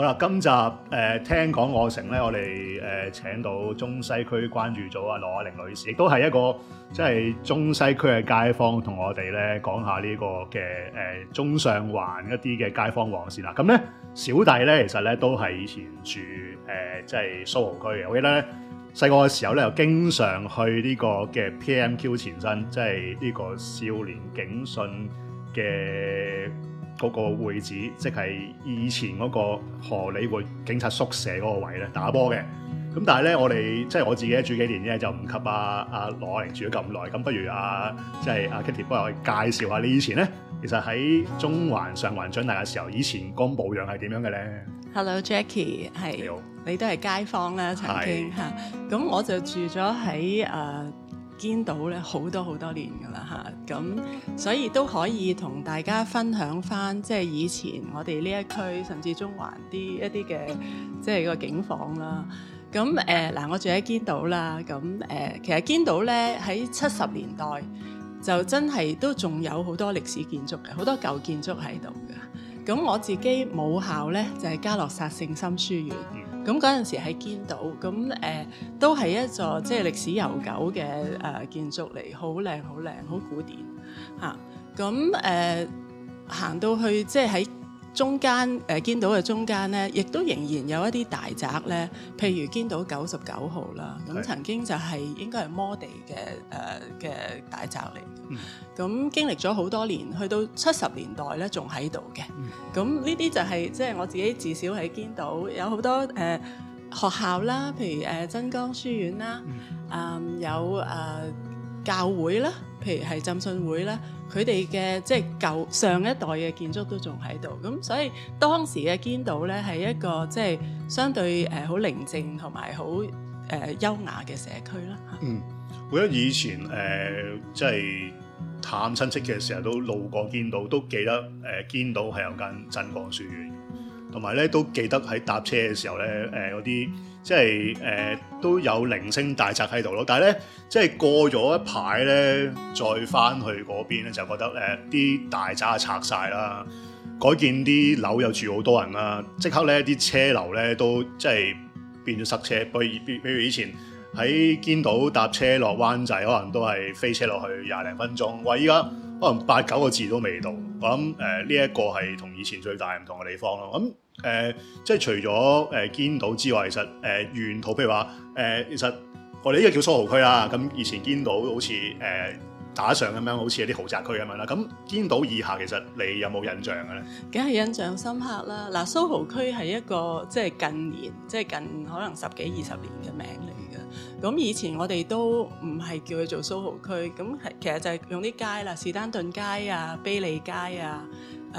好啦，今集誒、呃、聽講我城咧，我哋誒、呃、請到中西區關注組啊羅雅寧女士，亦都係一個即係中西區嘅街坊，同我哋咧講下呢個嘅誒、呃、中上環一啲嘅街坊往事啦。咁咧小弟咧其實咧都係以前住誒即係蘇豪區嘅，我記得咧細個嘅時候咧又經常去呢個嘅 PMQ 前身，即係呢個少年警訊嘅，嗰個會址，即係以前嗰個荷里活警察宿舍嗰個位咧打波嘅。咁但係咧，我哋即係我自己住幾年咧，就唔及阿阿、啊啊、羅寧住咗咁耐。咁不如阿、啊、即係阿、啊、Katty 幫我介紹下你以前咧，其實喺中環、上環長大嘅時候，以前幹保養係點樣嘅咧？Hello，Jackie，係你好，你都係街坊啦、啊，曾經嚇。咁是我就住咗喺誒。Uh, 堅道咧好多好多年噶啦嚇，咁、啊、所以都可以同大家分享返，即係以前我哋呢一區甚至中環啲一啲嘅即係個景房啦。咁誒嗱，我住喺堅道啦。咁、啊、誒，其實堅道咧喺七十年代就真係都仲有好多歷史建築嘅，好多舊建築喺度㗎。咁我自己母校咧就係、是、嘉諾撒聖心書院。咁嗰陣時喺堅道，咁誒、呃、都係一座即係、就是、歷史悠久嘅誒、呃、建築嚟，好靚好靚好古典吓。咁誒行到去即係喺。就是中間誒、呃、堅道嘅中間咧，亦都仍然有一啲大宅咧，譬如堅道九十九號啦，咁的曾經就係、是、應該係摩地嘅誒嘅大宅嚟。咁、嗯、經歷咗好多年，去到七十年代咧，仲喺度嘅。咁呢啲就係即係我自己至少喺堅道，有好多誒、呃、學校啦，譬如誒、呃、真光書院啦，啊、嗯嗯、有誒。呃教會啦，譬如係浸信會啦，佢哋嘅即係舊上一代嘅建築都仲喺度，咁所以當時嘅堅道咧係一個即係相對誒好寧靜同埋好誒優雅嘅社區啦。嗯，我覺得以前誒即係探親戚嘅時候都路過堅道，都記得誒堅道係有間鎮江書院，同埋咧都記得喺搭車嘅時候咧誒嗰啲即係誒。都有零星大宅喺度咯，但係咧，即係過咗一排咧，再翻去嗰邊咧，就覺得誒啲、呃、大宅拆晒啦，改建啲樓又住好多人啦、啊，即刻咧啲車流咧都即係變咗塞車。比如，比如以前喺堅島搭車落灣仔，可能都係飛車落去廿零分鐘，喂，依家可能八九個字都未到。我諗誒呢一個係同以前最大唔同嘅地方咯。咁、嗯。誒、呃，即係除咗誒、呃、堅島之外，其實誒、呃、原土，譬如話誒、呃，其實我哋呢個叫蘇豪區啦。咁以前堅島好似誒、呃、打上咁樣，好似有啲豪宅區咁樣啦。咁、嗯、堅島以下，其實你有冇印象嘅咧？梗係印象深刻啦！嗱，蘇豪區係一個即係近年，即係近可能十幾二十年嘅名嚟嘅。咁以前我哋都唔係叫佢做蘇豪區，咁係其實就係用啲街啦，士丹頓街啊、卑利街啊。誒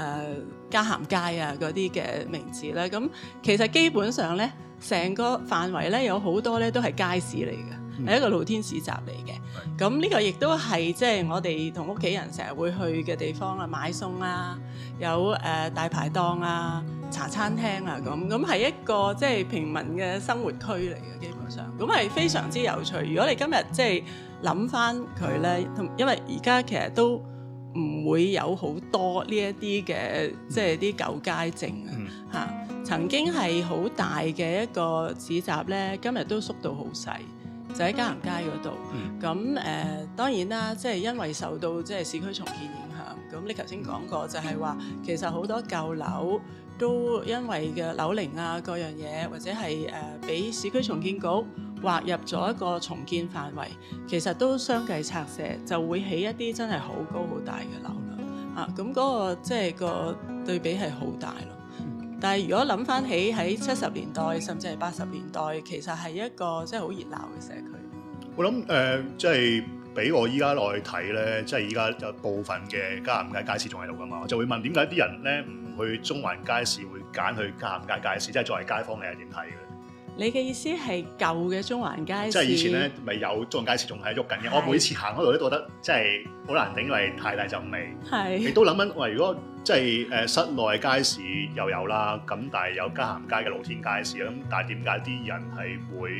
嘉、呃、咸街啊，嗰啲嘅名字咧，咁其實基本上咧，成個範圍咧有好多咧都係街市嚟嘅，係、嗯、一個露天市集嚟嘅。咁呢、嗯、個亦都係即係我哋同屋企人成日會去嘅地方啊，買餸啊，有誒、呃、大排檔啊、茶餐廳啊咁，咁係一個即係、就是、平民嘅生活區嚟嘅，基本上，咁係非常之有趣。如果你今日即係諗翻佢咧，同、就是、因為而家其實都。唔會有好多呢一啲嘅，即係啲舊街市啊吓。曾經係好大嘅一個市集咧，今日都縮到好細，就喺嘉咸街嗰度。咁誒，當然啦，即係因為受到即係市區重建影響。咁你頭先講過就係話，其實好多舊樓都因為嘅樓齡啊，各樣嘢或者係誒俾市區重建局，劃入咗一個重建範圍，其實都相繼拆卸，就會起一啲真係好高好大嘅樓啦。啊，咁嗰個即係個對比係好大咯。但係如果諗翻起喺七十年代甚至係八十年代，其實係一個即係好熱鬧嘅社區。我諗誒，即係俾我依家落去睇咧，即係依家有部分嘅嘉咸街街市仲喺度噶嘛，我就會問點解啲人咧唔去中環街市會揀去嘉咸街街市？即係作為街坊你係點睇嘅？你嘅意思係舊嘅中環街市？即係以前咧，咪有中環街市仲喺喐緊嘅。是我每次行嗰度都覺得即係好難頂，因為太大陣味。係是。亦都諗緊，哇、呃！如果即係誒、呃、室內街市又有啦，咁但係有嘉咸街嘅露天街市啦。咁但係點解啲人係會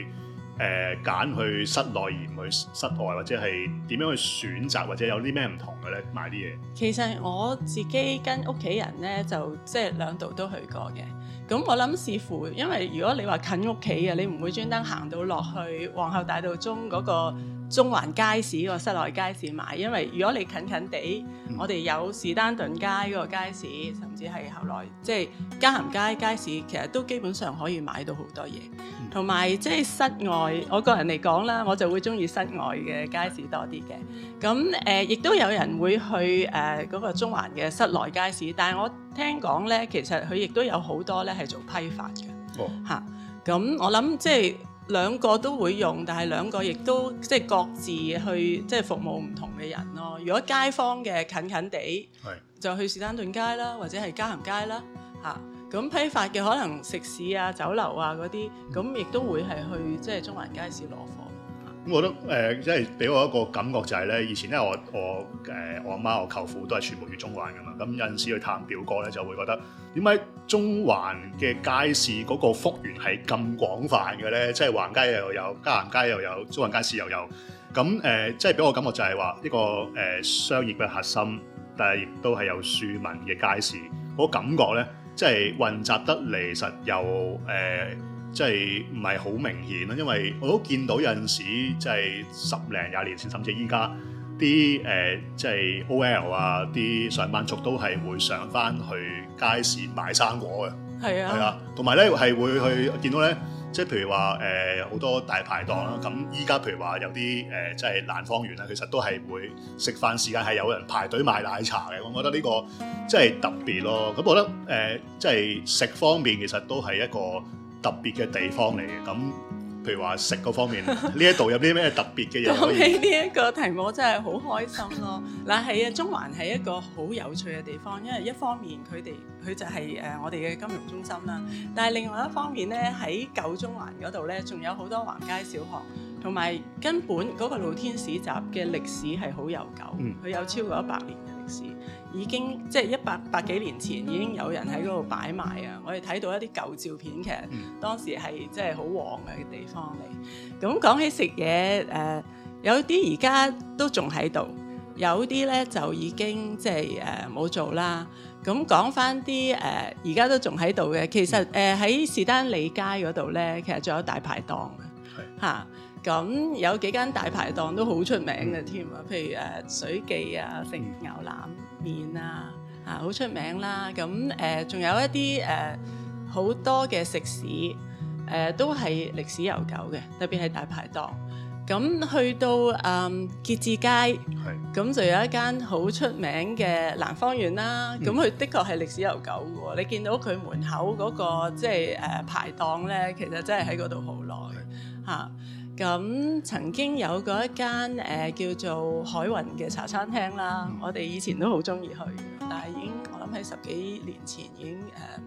誒揀、呃、去室內而唔去室外，或者係點樣去選擇，或者有啲咩唔同嘅咧？買啲嘢。其實我自己跟屋企人咧，就即係兩度都去過嘅。咁我諗視乎，因為如果你話近屋企嘅，你唔會專登行到落去皇后大道中嗰個中環街市個室內街市買，因為如果你近近地，嗯、我哋有士丹頓街個街市，甚至係後來即係嘉咸街街市，其實都基本上可以買到好多嘢。同埋、嗯、即係室外，我個人嚟講啦，我就會中意室外嘅街市多啲嘅。咁誒、呃，亦都有人會去誒嗰、呃嗰個中環嘅室內街市，但係我聽講呢，其實佢亦都有好多呢係做批發嘅嚇。咁、哦啊、我諗即係。兩個都會用，但係兩個亦都即係各自去即係服務唔同嘅人咯。如果街坊嘅近近哋，係是就去士丹頓街啦，或者係嘉咸街啦，吓、啊，咁批發嘅可能食肆啊、酒樓啊啲，咁亦都會係去即係中環街市落貨。咁我覺得誒，即係俾我一個感覺就係咧，以前咧我我誒、呃、我阿媽我舅父都係全部住喺中環㗎嘛，咁有陣時去探表哥咧就會覺得點解中環嘅街市嗰個幅員係咁廣泛嘅咧？即係橫街又有，嘉咸街又有，中環街市又有，咁誒即係俾我感覺就係話一個誒、呃、商業嘅核心，但係亦都係有庶民嘅街市，嗰個感覺咧即係混雜得嚟實又誒。呃即係唔係好明顯咯，因為我都見到有陣時，即係十零廿年前，甚至依家啲誒即係 O L 啊，啲上班族都係會上翻去街市買生果嘅，係是啊，啊，係啊，同埋咧係會去我見到咧，即係譬如話誒好多大排檔啦，咁依家譬如話有啲誒、呃、即係南方園咧蘭芳園，其實都係會食飯時間係有人排隊買奶茶嘅，我覺得呢個即係特別咯。咁我覺得誒、呃、即係食方面其實都係一個。特別嘅地方嚟嘅，咁譬如話食嗰方面，呢一度有啲咩特別嘅嘢？講起呢一個題目，我真係好開心咯。嗱，係啊，中環係一個好有趣嘅地方，因為一方面佢哋佢就係誒我哋嘅金融中心啦。但係另外一方面咧，喺舊中環嗰度咧，仲有好多橫街小巷，同埋根本嗰個露天市集嘅歷史係好悠久，佢、嗯、有超過一百年。時已經即係一百百幾年前，已經有人喺嗰度擺賣啊！我哋睇到一啲舊照片，其實當時係即係好旺嘅地方嚟。咁講起食嘢，誒、呃，有啲而家都仲喺度，有啲咧就已經即係誒冇做啦。咁講翻啲誒，而、呃、家都仲喺度嘅，其實誒喺士丹利街嗰度咧，其實仲有大排檔嘅，吓的。啊咁有幾間大排檔都好出名嘅添、嗯、啊，譬如誒水記啊，食牛腩麵啊，嚇好出名啦。咁誒仲有一啲誒好多嘅食肆誒、呃、都係歷史悠久嘅，特別係大排檔。咁去到誒結志街，咁的就有一間好出名嘅蘭芳園啦。咁佢、嗯、的確係歷史悠久嘅喎，你見到佢門口嗰、那個即係誒排檔咧，其實真係喺嗰度好耐嚇。的咁曾經有過一間誒、呃、叫做海雲嘅茶餐廳啦，我哋以前都好中意去，但係已經我諗喺十幾年前已經誒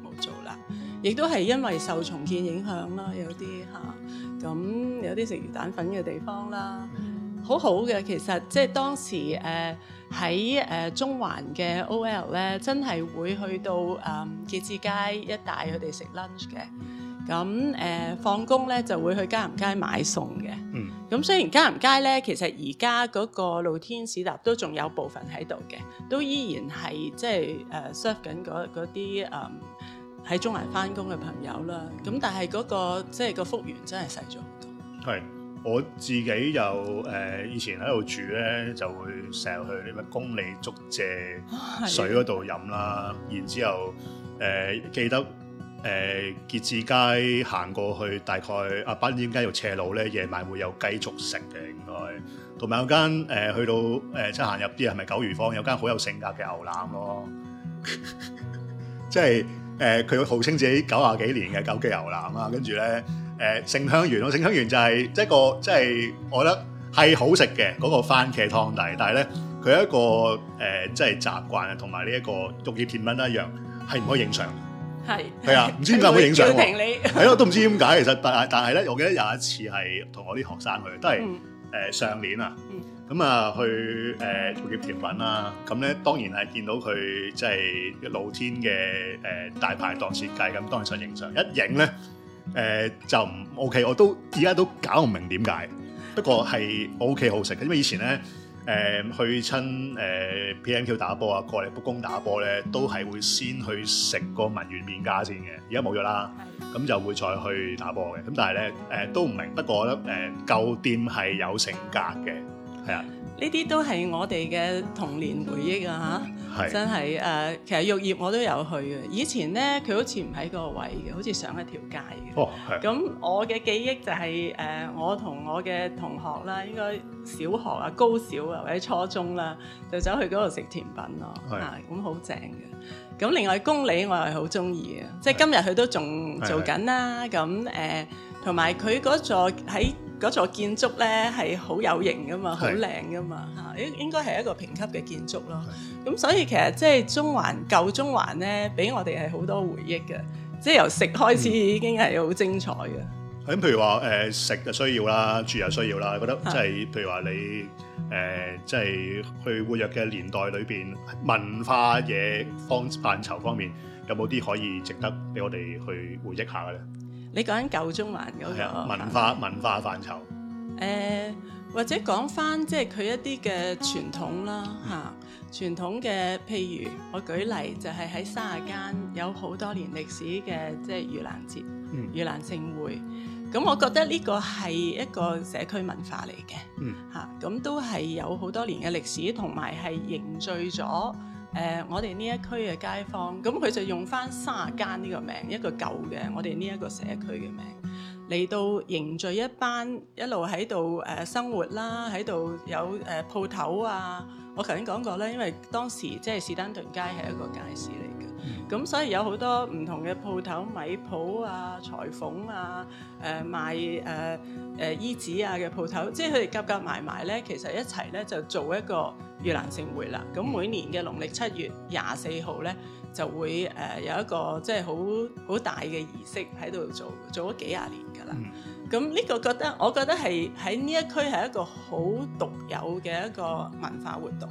冇、呃、做啦，亦都係因為受重建影響啦，有啲嚇，咁、啊嗯、有啲食魚蛋粉嘅地方啦，好好嘅，其實即係當時誒喺誒中環嘅 OL 咧，真係會去到誒結志街一帶佢哋食 lunch 嘅。咁誒放工咧就會去嘉咸街買餸嘅。嗯。咁雖然嘉咸街咧，其實而家嗰個露天市集都仲有部分喺度嘅，都依然係即係誒 serve 緊嗰嗰啲誒喺中環返工嘅朋友啦。咁但係嗰個即係個幅員真係細咗好多。係，我自己又誒以前喺度住咧，就會成日去呢個公利竹蔗水嗰度飲啦，然之後誒記得。誒傑志街行過去，大概阿斌點解要斜路咧？夜晚會有雞粥食嘅，應該同埋有間誒去到誒即係行入啲，係咪九如坊有間好有性格嘅牛腩咯，即係誒佢號稱自己九廿幾年嘅九記牛腩啦。跟住咧誒，勝香園，我勝香園就係一個即係我覺得係好食嘅嗰個番茄湯底，但係咧佢有一個誒即係習慣啊，同埋呢一個玉葉甜品一樣係唔可以影相。係，係啊，唔知點解會影相喎。係咯，都唔知點解。其實但係，但係咧，我記得有一次係同我啲學生去，都係誒上年啊。咁啊、嗯嗯，嗯、去誒、呃、玉葉甜品啦。咁咧當然係見到佢即係露天嘅誒、呃、大排檔設計，咁當然想影相。一影咧誒就唔 OK，我都而家都搞唔明點解。不過係 OK 好食，因為以前咧。誒、呃、去親誒、呃、P.M.Q 打波啊，過嚟卜公打波咧，都係會先去食個文源麵家先嘅，而家冇咗啦，咁就會再去打波嘅。咁但係咧誒都唔明，不過我覺得舊、呃、店係有性格嘅，係啊。呢啲都係我哋嘅童年回憶啊！嚇，是真係誒、呃，其實玉葉我都有去嘅。以前咧，佢好似唔喺個位嘅，好似上一條街嘅。哦，咁、嗯、我嘅記憶就係、是、誒、呃，我同我嘅同學啦，應該小學啊、高小啊或者初中啦，就走去嗰度食甜品咯。係是。咁好正嘅。咁、嗯嗯嗯、另外公利我係好中意嘅，是即係今日佢都仲做緊啦。咁誒是，同埋佢嗰座喺。嗰座建築咧係好有型噶嘛，好靚噶嘛嚇，應應該係一個評級嘅建築咯。咁是所以其實即係中環舊中環咧，俾我哋係好多回憶嘅。即、就、係、是、由食開始已經係好精彩嘅。咁、嗯嗯、譬如話誒、呃、食就需要啦，住又需要啦。我覺得即、就、係、是、是譬如話你誒，即、呃、係、就是、去活躍嘅年代裏邊，文化嘢方範疇方面有冇啲可以值得俾我哋去回憶下嘅咧？你講緊舊中環嗰、那個文化文化範疇，誒、呃、或者講返即係佢一啲嘅傳統啦嚇、嗯啊，傳統嘅譬如我舉例就係喺卅間有好多年歷史嘅即係盂蘭節、嗯、盂蘭勝會，咁我覺得呢個係一個社區文化嚟嘅嚇，咁、嗯啊、都係有好多年嘅歷史，同埋係凝聚咗。誒、呃，我哋呢一區嘅街坊，咁佢就用翻卅間呢個名，一個舊嘅我哋呢一個社區嘅名，嚟到凝聚一班一路喺度誒生活啦，喺度有誒鋪、呃、頭啊。我頭先講過咧，因為當時即係士丹頓街係一個街市嚟。咁、嗯、所以有好多唔同嘅鋪頭、米鋪啊、裁縫啊、誒賣誒誒衣紙啊嘅鋪頭，即係佢哋夾夾埋埋咧，其實一齊咧就做一個盂蘭勝會啦。咁每年嘅農曆七月廿四號咧，就會誒有一個即係好好大嘅儀式喺度做，做咗幾廿年㗎啦。咁呢、嗯、個覺得，我覺得係喺呢一區係一個好獨有嘅一個文化活動。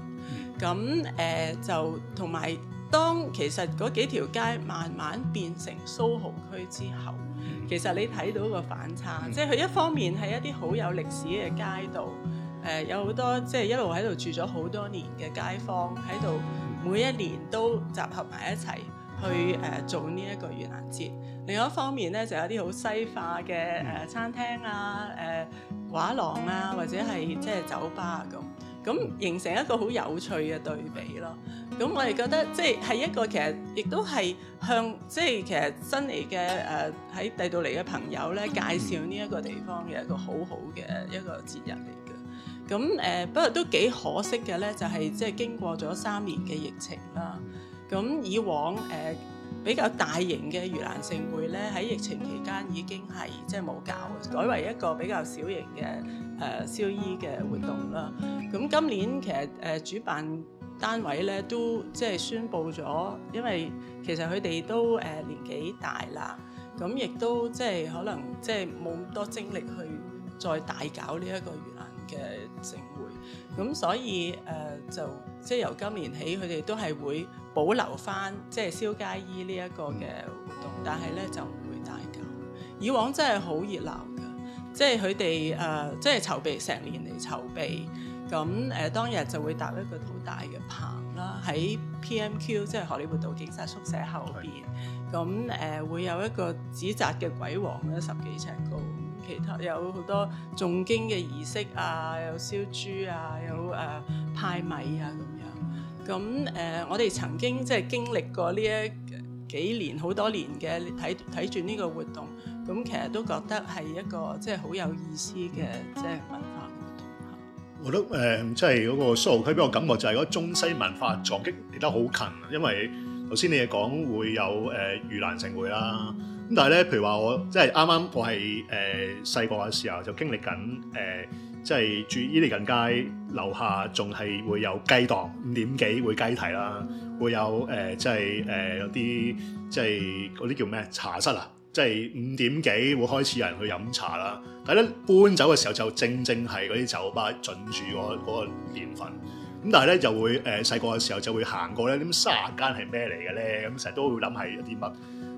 咁誒、呃、就同埋。當其實嗰幾條街慢慢變成蘇豪區之後，嗯、其實你睇到個反差，嗯、即係佢一方面係一啲好有歷史嘅街道，誒、呃、有好多即係一路喺度住咗好多年嘅街坊喺度，每一年都集合埋一齊去誒、呃、做呢一個盂蘭節。另外一方面呢，就有啲好西化嘅誒、呃、餐廳啊、誒、呃、畫廊啊，或者係即係酒吧咁、啊。咁形成一個好有趣嘅對比咯。咁我哋覺得即係係一個其實亦都係向即係、就是、其實新嚟嘅誒喺第度嚟嘅朋友咧介紹呢一個地方嘅一個好好嘅一個節日嚟嘅。咁誒、呃、不過都幾可惜嘅咧，就係即係經過咗三年嘅疫情啦。咁以往誒、呃比較大型嘅盂蘭盛會咧，喺疫情期間已經係即係冇搞，改為一個比較小型嘅誒燒衣嘅活動啦。咁今年其實誒、呃、主辦單位咧都即係宣布咗，因為其實佢哋都誒、呃、年紀大啦，咁亦都即係可能即係冇咁多精力去再大搞呢一個盂蘭嘅盛會。咁所以誒。呃就即係由今年起，佢哋都係會保留翻即係燒街衣呢一個嘅活動，但係咧就唔會大搞。以往真係好熱鬧嘅，即係佢哋誒即係籌備成年嚟籌備，咁誒、呃、當日就會搭一個好大嘅棚啦，喺 PMQ 即係荷里活道警察宿舍後邊，咁誒、呃、會有一個紙紮嘅鬼王咧十幾尺高。其他有好多重經嘅儀式啊，有燒豬啊，有誒、啊、派米啊咁樣。咁、嗯、誒、嗯，我哋曾經即係經歷過呢一幾年好多年嘅睇睇住呢個活動，咁、嗯、其實都覺得係一個即係好有意思嘅即係文化活動。我覺得誒，即係嗰個蘇豪區俾我感覺就係嗰中西文化撞擊嚟得好近，因為頭先你哋講會有誒盂蘭勝會啦、啊。咁但係咧，譬如話我即係啱啱我係誒細個嘅時候就經歷緊誒、呃，即係住伊利近街樓下，仲係會有雞檔，五點幾會雞啼啦，會有誒、呃、即係誒、呃、有啲即係嗰啲叫咩茶室啊，即係五點幾會開始有人去飲茶啦。但係咧搬走嘅時候就正正係嗰啲酒吧盡住我嗰、那個年份。咁但係咧就會誒細個嘅時候就會行過咧，咁卅間係咩嚟嘅咧？咁成日都會諗係一啲乜。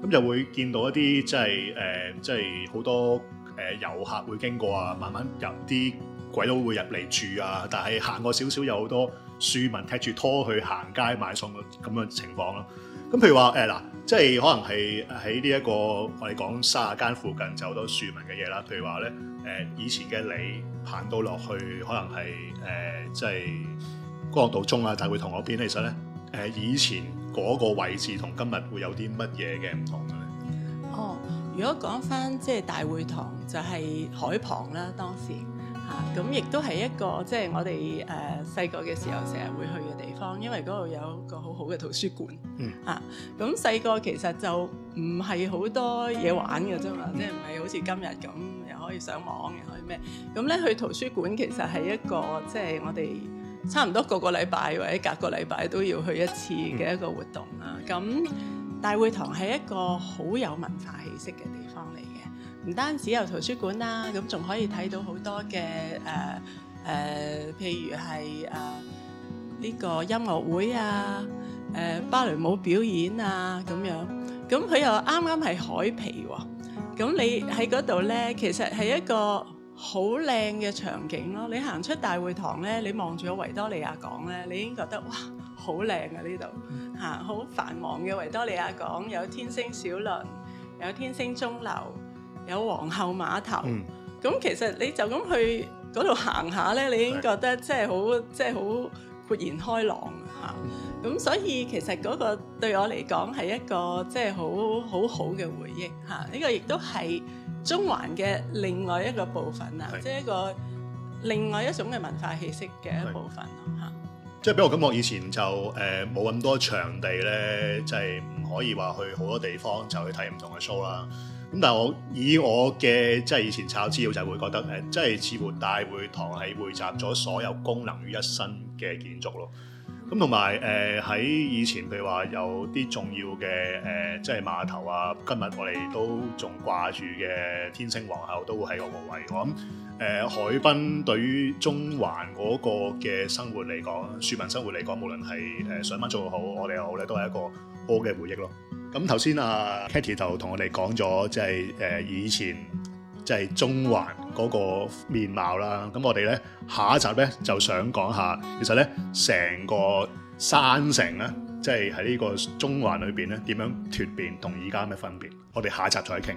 咁就會見到一啲即係誒，即係好多誒遊客會經過啊，慢慢入啲鬼佬會入嚟住啊，但係行過少少有好多庶民踢住拖去行街買餸咁樣情況咯。咁、嗯、譬如話誒嗱，即係可能係喺呢一個我哋講卅間附近就有好多庶民嘅嘢啦。譬如話咧誒，以前嘅你行到落去，可能係誒、呃、即係干諾道中啊、大會堂嗰邊，其實咧誒、呃、以前。嗰個位置同今日會有啲乜嘢嘅唔同咧？哦，如果講返即係大會堂，就係海旁啦，當時吓，咁亦都係一個即係我哋誒細個嘅時候成日會去嘅地方，因為嗰度有個好好嘅圖書館，嗯啊，咁細個其實就唔係好多嘢玩嘅啫嘛，即係唔係好似今日咁又可以上網，又可以咩？咁咧去圖書館其實係一個即係我哋。差唔多個個禮拜或者隔個禮拜都要去一次嘅一個活動啦。咁大會堂係一個好有文化氣息嘅地方嚟嘅，唔單止有圖書館啦、啊，咁仲可以睇到好多嘅誒誒，譬、呃呃、如係誒呢個音樂會啊，誒、呃、芭蕾舞表演啊咁樣。咁佢又啱啱係海皮喎、啊，咁你喺嗰度咧，其實係一個。好靚嘅場景咯！你行出大會堂咧，你望住個維多利亞港咧，你已經覺得哇，好靚啊！呢度嚇，好繁忙嘅維多利亞港，有天星小輪，有天星鐘樓，有皇后碼頭。咁、嗯、其實你就咁去嗰度行下咧，你已經覺得即係好，即係好豁然開朗嚇。咁所以其實嗰個對我嚟講係一個即係好好好嘅回憶嚇。呢、呢個亦都係。中環嘅另外一個部分啊，是即係一個另外一種嘅文化氣息嘅一部分嚇。即係俾我感覺以前就誒冇咁多場地咧，即係唔可以話去好多地方就去睇唔同嘅 show 啦。咁但係我以我嘅即係以前抄資料就會覺得誒、呃，即係似乎大會堂係匯集咗所有功能於一身嘅建築咯。咁同埋誒喺以前，譬如話有啲重要嘅誒、呃，即係碼頭啊。今日我哋都仲掛住嘅天星皇后都會喺嗰個位。我諗誒、呃、海濱對於中環嗰個嘅生活嚟講，庶民生活嚟講，無論係誒上班做得好，我哋又好咧都係一個好嘅回憶咯。咁頭先啊 Katty 就同我哋講咗，即係誒、呃、以前。就係中環嗰個面貌啦，咁我哋咧下一集咧就想講下，其實咧成個山城咧，即係喺呢個中環裏邊咧點樣脱變同而家嘅分別，我哋下一集再傾。